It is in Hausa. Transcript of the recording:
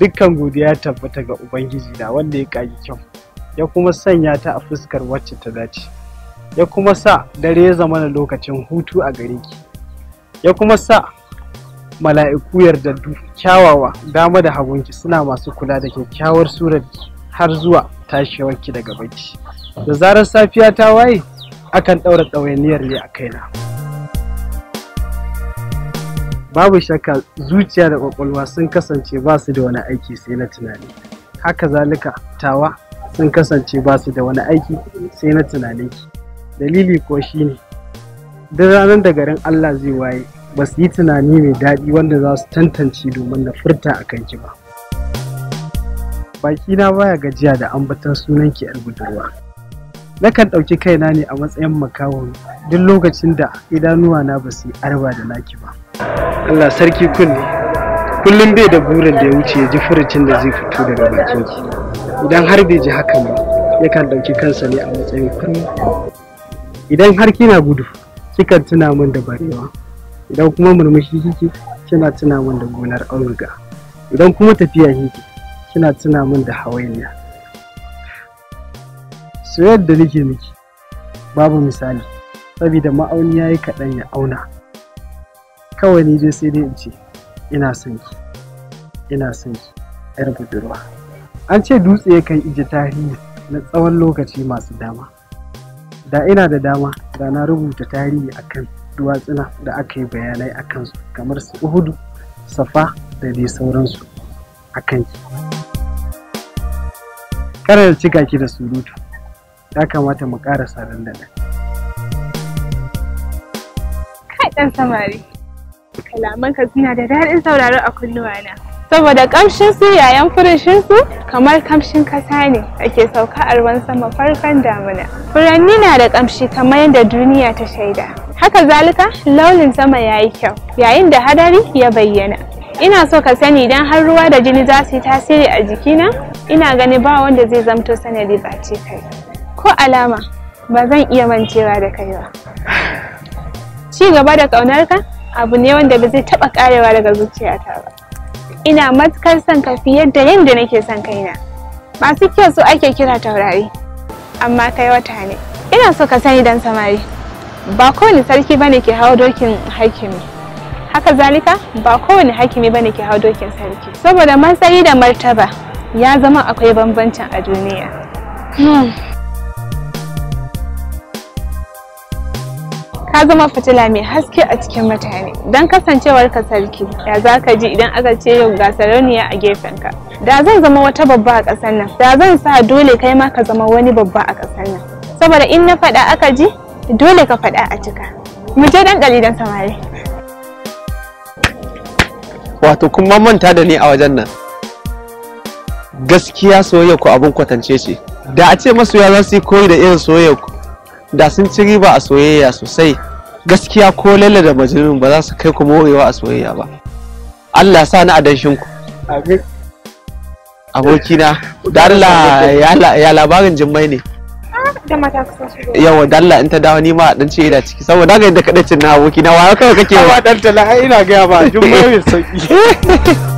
dukkan godiya tabbata ga ubangiji na wanda ya kagi kyau ya kuma sanya ta a fuskar wacce ta dace ya kuma sa dare ya zama na lokacin hutu a gare ki ya kuma sa mala'iku yardaddu kyawawa dama da hagunki suna masu kula da kyakkyawar surar har zuwa tashewarki daga bacci da zarar safiya ta waye akan ɗaura ɗawainiyar ne a kaina. babu shakka zuciya da kwakwalwa sun kasance ba su da wani aiki sai na tunani haka zalika tawa sun kasance ba su da wani aiki sai na tunanin ki dalili ko shine duk ranar da garin Allah zai waye ba su yi tunani mai daɗi wanda za su tantance domin na furta a kanki ba baki na baya gajiya da ambaton sunan ki yar budurwa nakan ɗauki kaina ne a matsayin makawon duk lokacin da idanuwa na ba su yi arba da naki ba Allah sarki kunne kullum bai da burin da ya wuce ya ji furucin da zai fito daga bakin ki idan har bai ji hakan ba yakan ɗauki kansa ne a matsayin kurmi idan har kina gudu kikan tuna min da barewa idan kuma murmushi kike kina tuna min da gonar auduga idan kuma tafiya kike kina tuna min da hawainiya soyayyar da nake miki babu misali saboda ma'auni yayi kaɗan ya auna kawai ni je sai dai in ce ina son ki ina son ki yar budurwa an ce dutse yakan ije tarihi na tsawon lokaci masu dama da ina da dama da na rubuta tarihi akan duwatsuna da aka yi bayanai a kansu kamar su uhudu safa da dai sauransu a Kada da cika ki da surutu ya kamata mu ƙara saran da kai ɗan samari Kalamanka suna da daɗin sauraro a kunnuwana. Saboda kamshinsu su yayan furishin su kamar kamshin kasa ne ake sauka a ruwan sama farkon damuna. Furanni na da kamshi kamar yadda duniya ta shaida. Haka zalika launin sama ya yi kyau yayin da hadari ya bayyana. Ina so ka sani idan har ruwa da jini za su yi tasiri a jikina, ina gani ba wanda zai zamto sanadi ba ce kai. Ko alama ba zan iya mancewa da kai ba. Ci gaba da ƙaunarka abu ne wanda ba zai taɓa karewa daga zuciyata ba ina matukar son ka fi yadda yadda nake son kaina masu kyau su ake kira taurari amma kai wata ne ina so ka sani dan samari ba kowane sarki bane ke hawa dokin hakimi haka zalika ba kowane hakimi bane ke hawa dokin sarki saboda matsayi da martaba ya zama akwai bambancin a duniya hmm. ka zama fitila mai haske a cikin mutane don kasancewar ka sarki ya za ka ji idan aka ce yau ga sarauniya a gefenka da zan zama wata babba a ƙasar nan da zan sa dole kai ma ka zama wani babba a ƙasar nan saboda in na faɗa aka ji dole ka faɗa a cika mu je dan ɗali dan samari wato kun manta da ni a wajen nan gaskiya soyayya ku abin kwatance ce da a ce masoya za su yi koyi da irin soyayya ku da sun ci riba a soyayya sosai gaskiya ko lalle da majnun ba za su kai ku morewa a soyayya ba Allah sa ni a danshin ku abokina dalla ya labarin jimmai ne yawa dalla in ta dawo ni ma dan ce da ciki saboda ga yadda kadacin na abokina wa kawai kake wa dan tala ina ga ba jimmai mai sauki